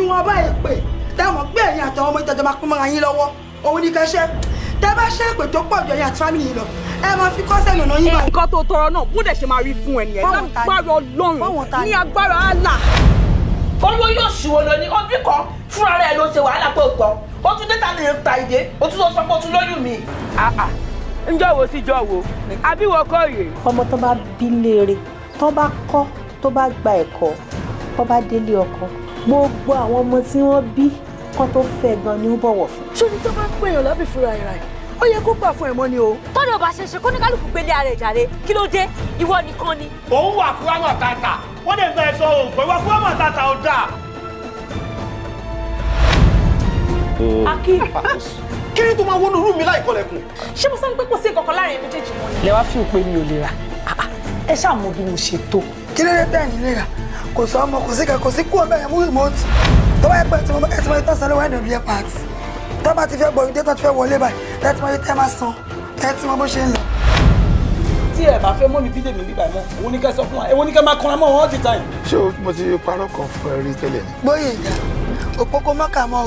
ìwọ̀nba èpè táwọn pé ẹ̀yin àtàwọn ọmọ ìtọ́jọ́ máa pín yín lọ́wọ́ òun ní kẹ́ṣẹ́ tẹ́ bá ṣe èpè tó pọ̀ jọ yín àti fámìlì yìí lọ ẹ máa fi kọ́sẹ̀ lọ́nà yín báyìí. nǹkan tó tọrọ náà bó dẹ̀ ṣe máa rí fún ẹnìyẹn lágbára ọlọ́run ní agbára àlà. owó yóò ṣùwò lọ ní ọbí kan fúnra rẹ ló ṣe wàhálà pé òpọ ó tún dé tàbí ta ìdè ó tún sọ pé ó tún lóyún mi. ǹjọ́ wo síjọ́ wo àbí wo kọ́ rèé. ọmọ tó bá bí léèrè tó bá kọ́ tó bá gba ẹ̀kọ́ tó bá délé ọkọ gbogbo àwọn ọmọ tí wọ́n bí kán tó fẹ́ gan ni ó bọ̀wọ̀ fún. ṣóni tó bá ń pèèyàn lábì fúnra ẹ̀ rà ó yẹ kó gbà fún ẹ̀mọ́ ni o. tọ́dọ̀ bá ṣe ṣe kó ní kálukú gbélé ara ẹ̀ jàre kí ló dé ìwọ nìkan ni. òun wà kúrámọ̀ tata wọ́n dẹ̀ gba ẹ̀sọ́ òun pẹ̀lú kúrámọ̀ tata ò dáa. akí kí ni tó máa wọnú rúmi láì kọlẹ̀kùn. ṣé mo sọ pé kò sí ìkọ̀kọ̀ láàrin méjèèjì wọn ni. lẹ wá fi òpin mi ò lè rà ah, ah. ẹ ṣáà mọ bí mo ṣe tó. kí ló bẹ́ẹ̀ ni lè rà kò sọ ọmọ kò sí kan kò sí kú ọmọ ẹ̀ mú tó bá yẹ pé ẹtì mọ ẹtì mọ ìtàn sanwó ẹ̀dùn bíi pàtì tó bá ti fẹ́ gbọ́ ìdí tó ti fẹ́ wọlé báyìí ẹtì mọ ìtẹ́ máa san ẹtì bó ṣe ń lọ. tí ẹ bá fẹ́ mọ́ mi bí tèmi bíbá mọ́ òun ní kẹ́ sọ fún wa èwo ní kẹ́ máa kanra mọ́ all the time. ṣé o mo ti parọ́ kan fún ẹ rí tẹ́lẹ̀ ni. gbóyè ìjà òpópó mọ́kà o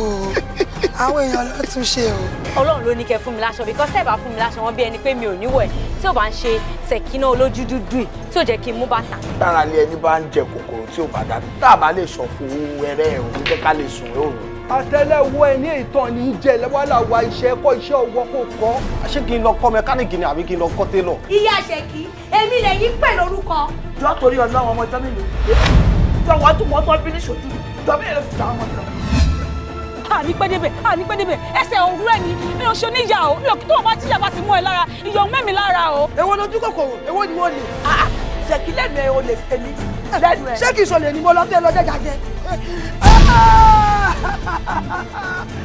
àwọn èèyàn ló tún ṣe o ọlọ́run ló ní kẹ́ fún mi láṣọ because tẹ́ ẹ̀ bá fún mi láṣọ wọn bí ẹni pé mi ò ní wẹ̀ tí ò bá ń ṣe ṣèkínà olójú dúdú yìí tí ò jẹ́ kí n mú bàtà. lára ilé ẹni bá ń jẹ kòkòrò tí ò bá dá tá a bá lè sọ fún ẹrẹ ẹ òun jẹ́ ká lè sùn ẹ òun. àtẹ́lẹwọ́ ẹ ní ìtàn ní jẹ lẹwàlà wa iṣẹ́ kọ́ iṣẹ́ ọwọ́ kò kọ́. ṣé kí n lọ kọ́ mẹkáníìkì ni àbí kí n lọ kọ́ télọ̀. ìyá ṣèkí èmi lè yí pẹ̀lú orúkọ. jọ́ torí ọlọ́run àní pẹ́ débẹ̀ àní pẹ́ débẹ̀ ẹsẹ̀ òwúrọ̀ ni mi ò ṣe oníyà o mi ò kí tó o bá tíyà bá ti mú ẹ lára ìyọ̀ mẹ́mi lára o. èwo lójú kòkòrò èwo ni wọ́n lè. Ah, ah, ṣèkí lẹ́nu ẹ̀ o lè èmi lẹ́nu ẹ̀. ṣé kì í sọ lè ní mo lọ fẹ́ lọ jẹ́jà jẹ.